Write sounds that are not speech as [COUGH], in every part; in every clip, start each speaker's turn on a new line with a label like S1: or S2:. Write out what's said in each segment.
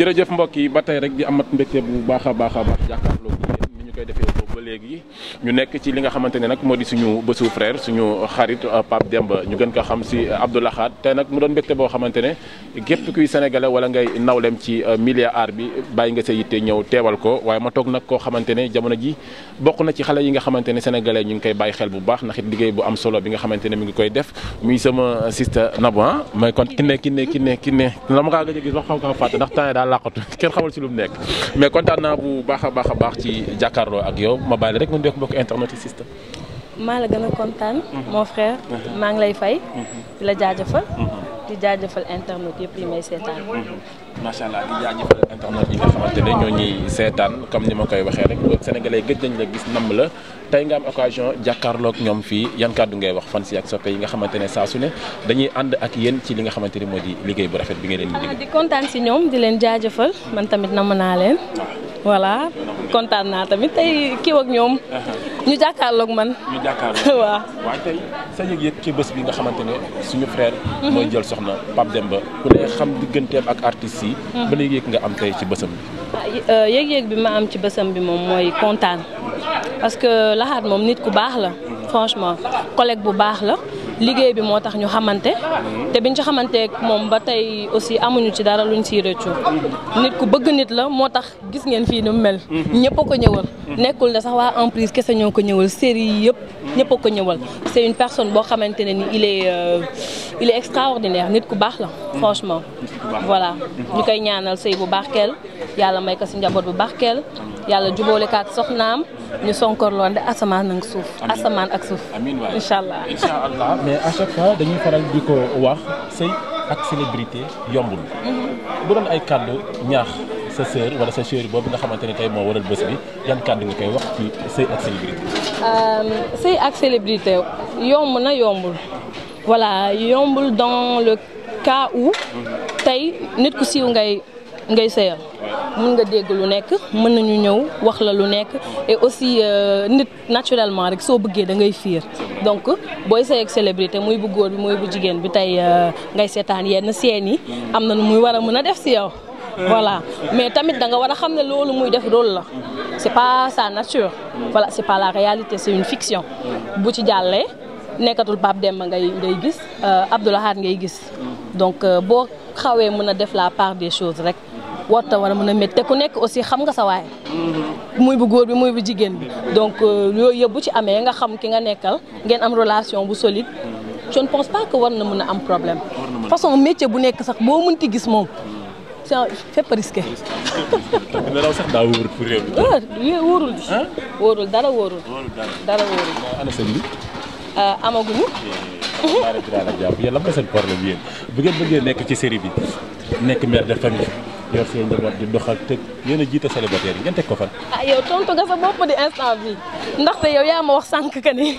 S1: jërëjëf mbokk yi ba tey rek di amat mbégte bu baax a baax a baax ñu koy defee boobu ba léegi ñu nekk ci li nga xamante ne nag moo di suñu bësu frère suñu xarit euh, Pape Demba ñu gën ko xam si euh, Abdou Lahad te nag mu doon mbégte boo xamante ne képp kuy sénégalais euh, ko waaye ma toog nag koo xamante jamono ji bokk na ci xale yi nga xamante ne sénégalais ñu ngi koy bàyyi xel bu baax ndax it liggéey bu am solo bi nga xamante ne mi ngi koy def muy sama sista Nabou ah mais kon ki ne ki ne ki ne ki ne la ma a gis wax xaw kaa fàtte si [LAUGHS] lu mu bu baax a baax ci jàkkaar jàkkaarloo ak yow ma bàyyi rek nga nuyoo mbokk internet yi système.
S2: maa la gën a kontaan. Mhm. mon frère. Mhm. maa ngi lay fay. Mhm. di la jaajëfal. di jaajëfal internet yëpp yi
S1: may seetaan. macha allah di jaajëfal internet yi nga xamante ne ñoo ñuy seetaan comme ni ma koy waxee rek sénégalais gëj nañ la gis namm la tey nga am occasion jàkkaarloog ñoom fii yan kàddu ngay wax fan si ak soppe yi nga xamante ne saa su ne dañuy ànd ak yéen ci li nga xamante ne moo di liggéey bu rafet bi nga leen di. Ah,
S2: di kontaan si ñoom di leen jaajëfal voilà kontaan naa tamit tey kiw ak ñoom. Uh-huh. ñu jàkkaarloog man. ñu jàkkaarloog [LAUGHS] waaw.
S1: waaw sa yëg-yëg ci bés bi nga xamante ne suñu frère. Uh-huh. mooy jël soxna Pape Demba ku ne xam digganteem ak artistes yi. Uh-huh. ban yëg-yëg nga am ci bésam bi.
S2: ah euh, yëg-yëg ma am ci bésam bi moom mooy kontaan parce que Lahat moom nit ku baax la franchement collègue bu baax la. liggéey bi moo tax ñu xamante te biñ ci xamanteek moom ba tey aussi amuñu ci dara luñ siy rëccu nit ku bëgg nit la moo tax gis ngeen fii ni mu mel mm-hmm. ñëpp a ko ñëwal mm-hmm. nekkul ne sax waa emprise kese ñoo ko ñëwal série yëpp ñëpp a ko ñëwal c'est une personne boo xamante ne ni il est euh, il extraordinaire nit ku baax la franchement
S1: voilà ñu koy
S2: ñaanal sëy bu barkeel yàlla may ko si njaboot bu barkeel yàlla jubóole kaat soxnaam ñu sonkorloon de asamaan ak suuf asamaan ak suuf incha allah
S1: mais à chaque fois dañuy faral di ko wax sëy ak célébrité yombul
S2: mhm.
S1: bu doon ay kàddu ñaax sa sœur wala sa chérie boobu nga xamante ne moo waral bés bi yan kàddu nga koy wax ci sëy ak célébrité.
S2: Euh, ak célébrité yomb na yombul voilà yombul dans le cas où tey nit ku siiw ngay ngay sëyal mën nga dégg lu nekk mën nañu ñëw wax la lu nekk et aussi euh, nit naturellement rek soo bëggee da ngay fiir donc booy sëy ak célébrité muy bu góor bi muy bu jigéen bi tey euh, ngay seetaan yenn seen yi am na nu muy war a mën a def si yow. voilà mais tamit da nga war a xam ne loolu muy def rôle la c'est pas sa nature voilà c'est pas la réalité c'est une fiction bu ci jàllee nekkatul Pape Demba ngay ngay gis euh, Abdou Lahad ngay gis donc euh, boo xawee mën a def la part des choses rek warta war a mën a métti te ku nekk aussi xam nga sa waay muy bu góor bi muy bu jigéen bi donc euh, yooyu yëpp bu ci amee nga xam ki nga nekkal ngeen am relation bu solide je ne pense pas que war na mun a am problème façon métier bu nekk sax boo mënti gis moom fépp risqué.
S1: dina raw sax daa wóorul pour réew mi. wóor
S2: wóorul di. wóorul dara wóorul. dara wóorul.
S1: ana sëñ bi. amaguñu. la jàpp yéen lan mooy bu ngeen bëggee nekk ci série bi nekk mère de famille yor seen njaboot di doxal te yéen a jiite célibataire yi ngeen teg ko fan. ah
S2: yow tontu nga sa bopp di instant bi ndaxte yow yaa ma wax sànq que ni.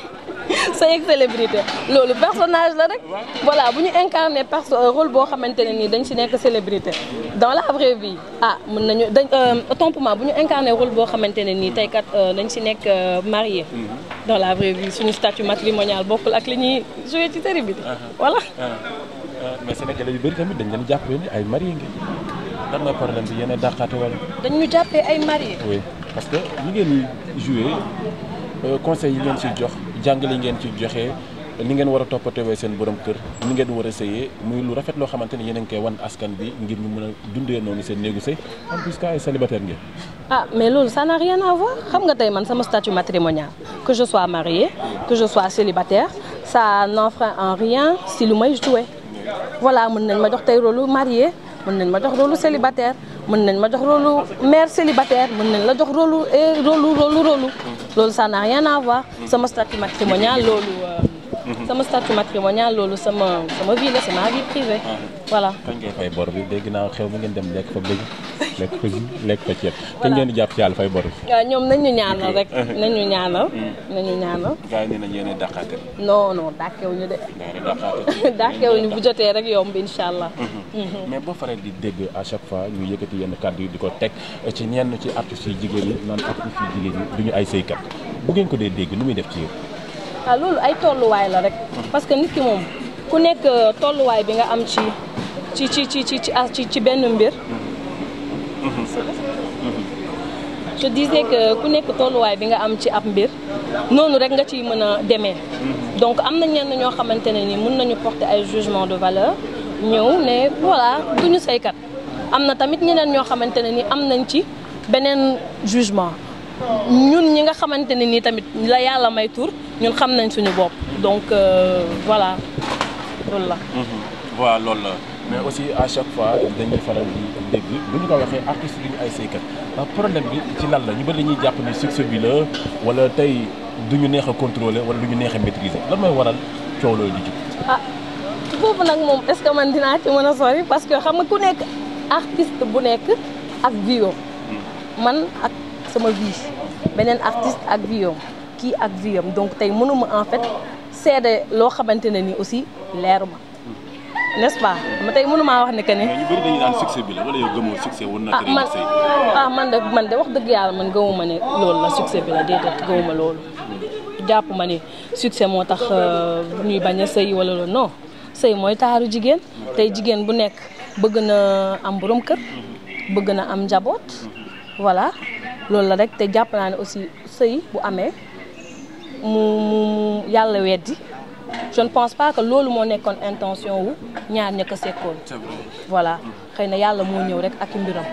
S2: [LAUGHS] sa yëg célébrité loolu personnage la rek voilà bu ñu incarné perso euh, rôle boo xamante ne nii dañ si nekk célébrité dans la vraie vie ah mën nañu dañ euh, autant pour bu ñu incarné rôle boo xamante ne nii tey kat euh, dañ si nekk marié mhm. dans la vraie vie suñu statut matrimonial bokkul ak li ñuy joué ci série bi ah, ah. voilà
S1: ah, mais Sénégalais yu bëri tamit dañ leen jàppee ay marié ngeen lan mooy problème bi yéen a dañ
S2: ñu jàppee ay marié
S1: oui parce que ñi ngeen di joué conseil yi ngeen ci jox jàngale ngeen ci joxe ni ngeen war a toppatewee seen borom kër ni ngeen war a sëyee muy lu rafet loo xamante ni yéen a ngi koy wan askan bi ngir ñu a dundee noonu seen néegu sëy en plus que
S2: ah mais loolu ça n'a rien à xam nga tey man sama statut matrimonial que je sois mariée que je sois célibataire ça n'enfreint en rien si lu may joué voilà mën nañ ma jox tey rôle marié mën nañ ma jox rôle célibataire mën nañ ma jox rôle mère célibataire mën nañ la jox rôle eh, rôle rôle rôle loolu ça n'a rien à voir mm-hmm. sama statut matrimonial loolu
S1: euh, mm-hmm. sama
S2: statut matrimonial loolu sama sama vie la c'est ma vie privée ah. voilà
S1: kañ ngay fay bor bi dégg naa xew mi ngeen dem lekk fa bëgg lekk ko lekk ko ceeb te ngeen di jàpp ci yàlla fay bor
S2: waaw ñoom nañ ñu ñaanal rek nañ ñu ñaanal nañ
S1: ñu a dàqaate
S2: non dàqewuñu de dàqewuñu bu jotee rek yomb incha allah
S1: mm-hmm. mais boo faral di dégg à chaque fois ñu yëkkati yenn kàddu yi di ko teg ci ñenn ci artistes yi jigéen yi naan artistes yi jigéen yi duñu ay sëykat bu ngeen ko dee dégg nu muy def ci yéen
S2: waaw ah, loolu ay tolluwaay la rek parce que nit ki moom ku nekk euh, tolluwaay bi nga am ci ci ci ci ci ci benn mbir je disais que ku nekk tolluwaay bi nga am ci ab mbir noonu rek nga ciy mën a demee donc am na ñenn ñoo xamante ne ni mun nañu porter ay jugement de valeur ñëw ne voilà ñu saykat am na tamit ñeneen ñoo xamante ne ni am nañ ci beneen jugement ñun ñi nga xamante ne ni tamit la yàlla may tur ñun xam nañ suñu bopp donc euh, voilà
S1: loolu la. mais aussi à chaque fois dañuy faral di dégg bu ñu ko waxee artiste duñu ay saykat problème bi ci lan la ñu bëri dañuy jàpp ni succès bi la wala tey du ñu neex a contrôler wala du ñu neex a maîtriser lan mooy waral coow loolu di jub.
S2: ah foofu nag moom est-ce que man dinaa ci mën a sori parce que xam nga ku nekk artiste bu nekk ak viom man ak sama vie beneen artiste ak viom kii ak viom donc tey mënuma en fait seede loo xamante ne nii aussi leeru ma n'est-ce pas ma tey mënu maa wax ne que ni.
S1: succès bi la wala yow gëmoo succès woon na. ah
S2: man ah, man de wax dëgg yàlla man gëmuma ne loolu la succès bi la déedéet gëmuma loolu. jàpp ma ni succès moo tax euh, ñuy bañ a sëy wala loolu non sëy mooy taaru jigéen tey jigéen bu nekk bëgg na am borom kër. bëgg na am njaboot. voilà loolu la rek te jàpp naa ne aussi sëy bu amee mu mu yàlla weddi. je ne pense pas que loolu moo nekkoon intention wu ñaar ña ko sekkoon voilà xëy na yàlla moo ñëw rek ak mbiram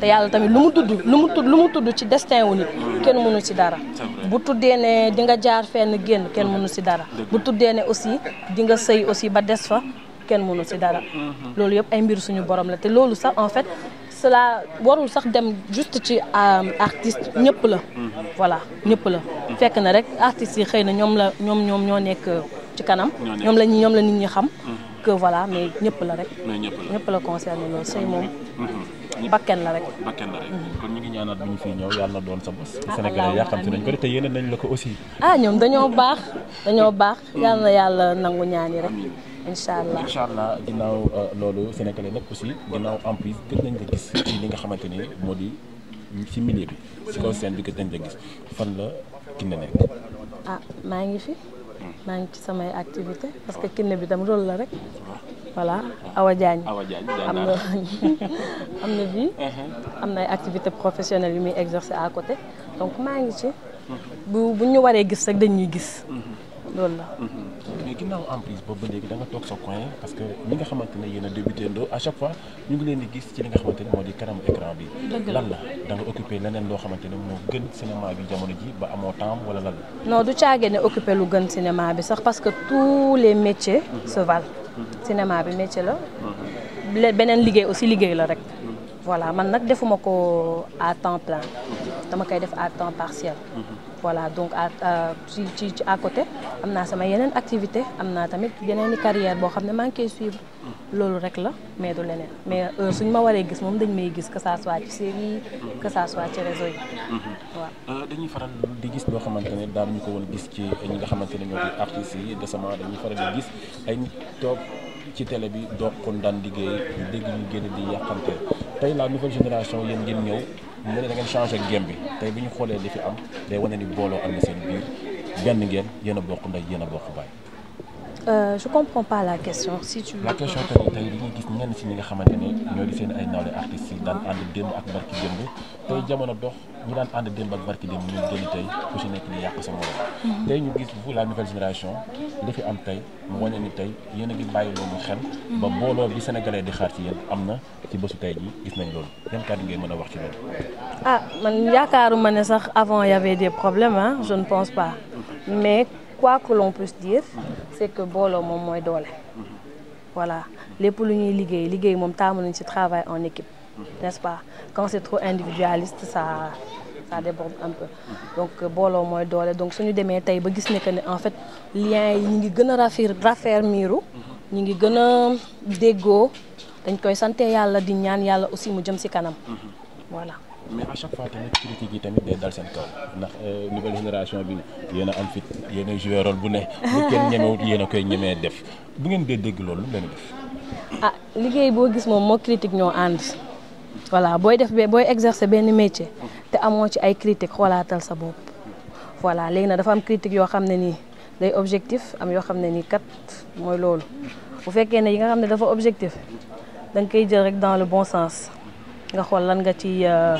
S2: te yàlla tamit lu mu tudd lu mu tudd lu mu tudd ci destin wu nit mm. kenn mënu ci dara bu tuddee ne di nga jaar fenn génn kenn mm. mënu ci dara bu tuddee ne aussi di nga sëy aussi ba des fa kenn mënu ci dara mm-hmm. loolu yëpp ay mbir suñu borom la te loolu sax en fait cela warul sax dem juste ci euh, artiste ñëpp la mm-hmm. voilà ñëpp la mm-hmm. fekk na rek artistes yi xëy na ñoom la ñoom ñoom ñoo nekk ci kanam. ñoom la ñuy ñoom la nit ñi xam. que voilà mais ñëpp la rek. mais ñëpp la ñëpp la concerné loolu sëy moom. bakken la rek.
S1: bakken la rek kon ñu ngi ñaanaat bi ñu fiy ñëw yàlla na doon sa bos. ah xam si nañ ko te yéene nañ la ko aussi.
S2: ah ñoom dañoo baax dañoo baax. yàlla na yàlla nangu ñaan yi rek. incha allah incha
S1: allah ginnaaw euh, loolu sénégalais nag aussi ginnaaw emprise gën nañ la gis ci nga xamante ni moo di ci milieu bi. ci kaw scène bi gën nañ la gis fan la nekk.
S2: ah maa ngi fi. maa ngi ci samay activité parce que kinne bi tam rôle la rek voilà Awa Diagne am na [LAUGHS] am na vie uh-huh. am na ay activité professionnelle yu muy exercer à côté donc maa ngi ci uh-huh. bu bu ñu waree gis rek dañuy gis uh-huh. loolu
S1: la ginnaaw emprise boobu ba léegi da nga toog sa coin parce que nga xamante ne yéen a ñu ngi leen di gis ci li nga xamante ne moo di kanamu écran bi. lan la da nga leneen loo xamante moo gën cinéma bi jamono ji ba amoo temps wala lan
S2: la. du caagee ne occupé lu gën cinéma bi sax parce que tous les métiers mhm. se valent. Mhm. cinéma bi métier la.
S1: Mhm.
S2: beneen liggéey aussi liggéey la rek. voilà man nag defuma ko à temps plein dama koy def à temps partiel. voilà donc à ci ci à côté am naa sama yeneen activité am naa tamit yeneen i carrière boo xam ne maa ngi koy suivre loolu rek la mais du leneen mais heure suñ ma waree gis moom dañ may gis que ça soit ci série que ça soit ci réseau yi
S1: mm-hmm. euh, di gis loo xamante ne daan ñu ko woon gis ci ñi nga xamante ne ñoo di artistes yi décemment dañuy faral di gis ay toog ci télé bi doog kon daan liggéey ñu dégg ñu génn di yàqante tey la nouvelle génération yéen ngeen ñëw mu ne da ngeen changé game bi tey bi ñu xoolee li fi am day wane ni booloo am na seen biir benn ngeen yéen a bokk ndey yéen a bokk baay
S2: Euh, je comprends pas la question si tu. la
S1: question tamit tey dañuy gis ñenn si ñi nga xamante ni ñoo di seen ay nawle artistes yi daan ànd démb ak barki démb tey jamono dox ñu daan ànd démb ak barki démb ñu génn tey ku si nekk di yàq sa morom. Mhm. tey ñu gis vous la nouvelle génération li fi am tey mu wane ni tey yéen a ngi bàyyi loolu xel. Mhm. ba mbooloo bi sénégalais di xaar ci yéen am na ci bésu tey ji gis nañ loolu yan kàddu ngay mën a wax ci loolu.
S2: ah man yaakaaruma ne sax avant y avait des problèmes ah je ne pense pas mais. quoi que l'on puisse dire c'est que booloo moom mooy doole voilà lépp lu ñuy liggéey liggéey moom taamu nañ ci travail en équipe n'est-ce pas quand c'est individualiste ça ça déborde un peu donc booloo mooy doole donc su ñu demee tey ba gis ne que ne en fait lien yi ñu ngi gën a rafir raffermiru ñu ngi gën a déggoo dañ koy sante yàlla di ñaan yàlla aussi mu jëm ci kanam voilà
S1: mais à chaque fois tamit kaw ndax euh, nouvelle génération bi yéen a am fit yéen a bu ne. bu kenn ñemewut [LAUGHS] a koy ngeen dee dégg loolu lu leen def.
S2: ah liggéey boo gis moom moo critique ñoo ànd voilà booy def booy exercer benn métier te amoo ci ay critique xoolaatal sa bopp voilà léegi nag dafa am critique yoo xam ne nii day objectif am yoo xam ne nii kat mooy loolu bu fekkee ne yi nga xam ne dafa objectif da koy jël rek dans le bon sens. nga xool lan nga ci euh,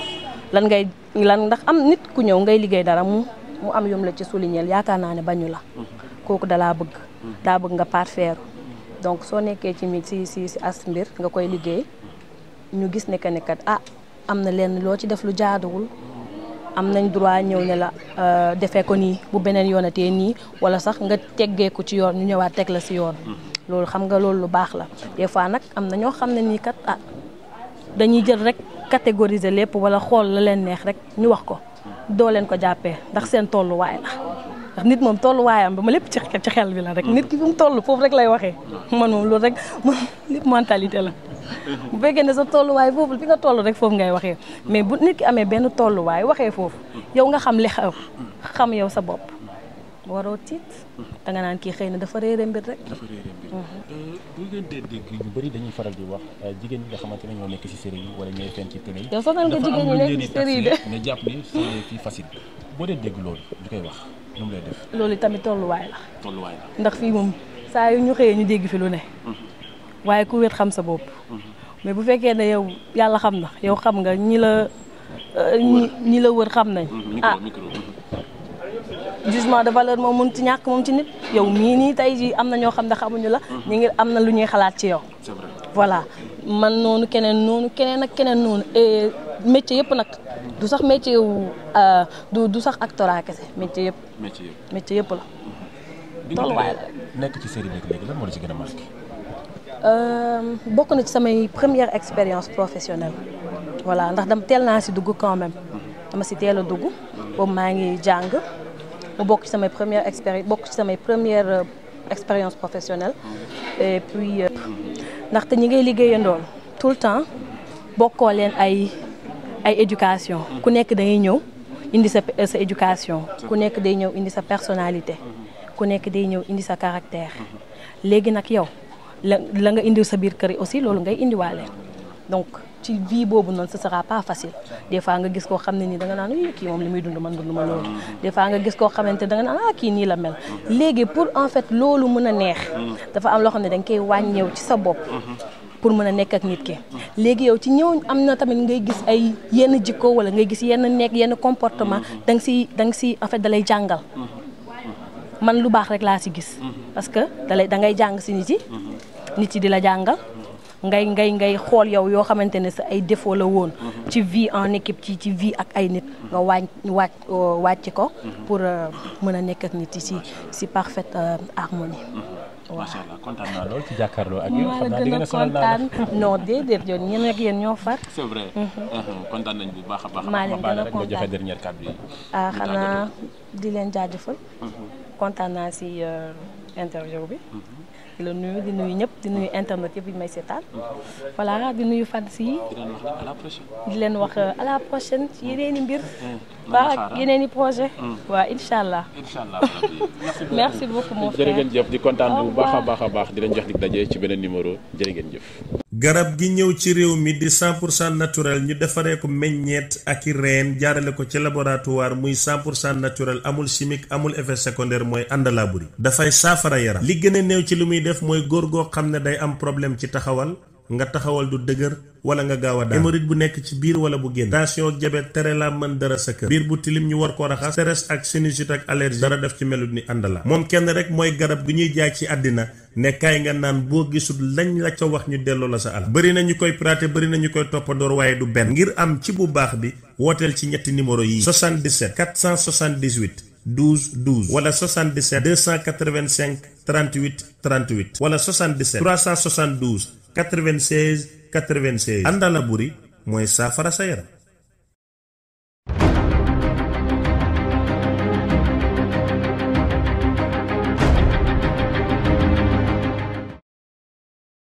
S2: lan ngay lan ndax am nit ku ñëw ngay liggéey dara mu mu am yom la ci souligner yaakaar naa ne bañu la kooku dalaa bëgg daa bëgg nga parfaire donc soo nekkee ci mi si si si as mbir nga koy liggéey ñu gis ne que ne kat ah am na lenn loo ci def lu jaaduwul am nañ droit ñëw ne la euh, defee ko nii bu beneen yoonatee nii wala sax nga teggeeku ci yoon ñu ñëwaat teg la si yoon mm-hmm. loolu xam nga loolu lu baax la des fois nag am na ñoo xam ne nii kat ah, dañuy jël rek catégoriser lépp wala xool la leen neex rek ñu wax ko doo leen ko jàppee ndax seen tolluwaay la ndax nit moom tolluwaayam ba ma lépp ci ci xel bi la rek. Mm. nit ki fi mu toll foofu rek lay waxee. man moom loolu rek man lépp mentalité la. Mm-hmm. bu fekkee ne sa tolluwaay foofu fi nga toll rek foofu ngay waxee mais bu nit ki amee benn tolluwaay waxee foofu yow nga xam li xew mm. xam yow sa bopp. waroo tiit. da nga naan kii xëy na dafa réere mbir rek. dafa
S1: réere mbir. Mhm. Euh, bu ñu bëri dañuy faral di wax euh, jigéen ñi nga xamante ne ñoo nekk ci série yi wala ñooy fenn ci télé yi. dafa am lu ngeen di taxé nga jàpp ni série fii facile boo de dégg loolu du koy wax nu mu lay def.
S2: loolu tamit tolluwaay
S1: la.
S2: ndax fii moom saa yu ñu xëyee ñu dégg fi lu ne. Mhm. waaye ku wéet xam sa bopp. Mhm. mais bu fekkee ne yow yàlla xam na yow xam nga ñi la euh, ñi la wër xam nañ ah. jugement de valeur moom mun mënut ñàkk moom ci nit yow mii nii tey jii am na ñoo xam ne xamuñu la mhm. ñu ngi am na lu ñuy xalaat ci yow voilà man noonu keneen noonu keneen ak keneen noonu et métier yëpp nag du sax métier wu euh, du du sax actorat kese métier yëpp la
S1: mhm. ci série bi la ci gën
S2: euh, bokk na ci samay première expérience professionnelle voilà ndax dam teel naa si dugg quand même mhm. dama si teel a dugg boobu maa ngi jàng mu bokk ci samay première expérience bokk ci samay première euh, expérience professionnelle et puis euh, ndaxte ñi ngay liggéeyandoon tout le temps bokkoo leen ay ay éducation ku nekk dangay ñëw indi sa sa ku nekk day ñëw indi sa personnalité ku nekk day ñëw indi sa caractère léegi nag yow la la nga indi sa biir kër yi aussi loolu ngay indiwaale donc ci vie boobu noonu ce sera pas facile des fois nga gis koo xam ne nii danga naan kii moom li muy dund man dund ma loolu des fois nga gis koo xamante da nga naan ah kii nii la mel léegi pour en fait loolu mën a neex dafa am loo xam ne da nga koy wàññeew ci sa bopp pour mën a nekk ak nit ki léegi yow ci ñëw am na tamit ngay gis ay yenn jikko wala ngay gis yenn nekk yenn comportement da si da nga si en fait da lay jàngal man lu baax rek laa si gis parce que da lay da ngay jàng si nit yi nit yi di la jàngal ngay ngay ngay xool yow yoo xamante ne sa ay défaut la woon mhm. ci vie en équipe ci ci vie ak ay nit nga waañ euh, wàcc ko mhm. pour euh, mën a nekk ak nit yi si si parfaite euh, harmonie
S1: mhm. macha allah kontaan ci jàkkaarloo ak yow. xam naa di ngeen a sonal naa la
S2: non déedéet yoon ñun ak yéen ñoo far. c'est vrai.
S1: kontaan nañ bu baax a baax. maa leen a
S2: ah, xanaa di leen jaajëfal. kontaan naa si interview bi. di la nuyu di nuyu ñëpp di nuyu internet yëpp yi may seetaan voilà di nuyu fans yi di leen wax euh, à la prochaine ci yeneen i mbir
S1: waa yeneen i
S2: projet hmm. waaw incha allah merci beaucoup mon frère jërë ngeen
S1: jëf di kontaan bu baax a baax a baax di leen jox dig daje ci beneen numéro jërë ngeen jëf garab gi ñëw ci réew mi di 100% naturel ñu defaree ko meññeet ak i reen jaarale ko ci laboratoire muy pour 100% naturel amul chimique amul effet secondaire mooy àndalaa buri dafay saafara yaram li gën a néew ci li muy def mooy góor goo xam ne day am problème ci taxawal nga taxawal du dëgër wala nga gaaw a daan hémorroïde bu nekk ci biir wala bu génn tension ak tere la mën dara sa kër biir bu tilim ñu war ko raxas stress ak sinusite ak allergie dara def ci melut ni ànd la moom kenn rek mooy garab gi ñuy jaay ci àddina ne kaay nga naan boo gisul lañ la ca wax ñu delloo la sa alal bëri na ñu koy praté bëri na ñu koy toppadoor waaye du benn ngir am ci bu baax bi wooteel ci ñetti numéro yi 77 478 wala 77 285 wala 77 372 96 96. àndala buri mooy saafara sa yaram.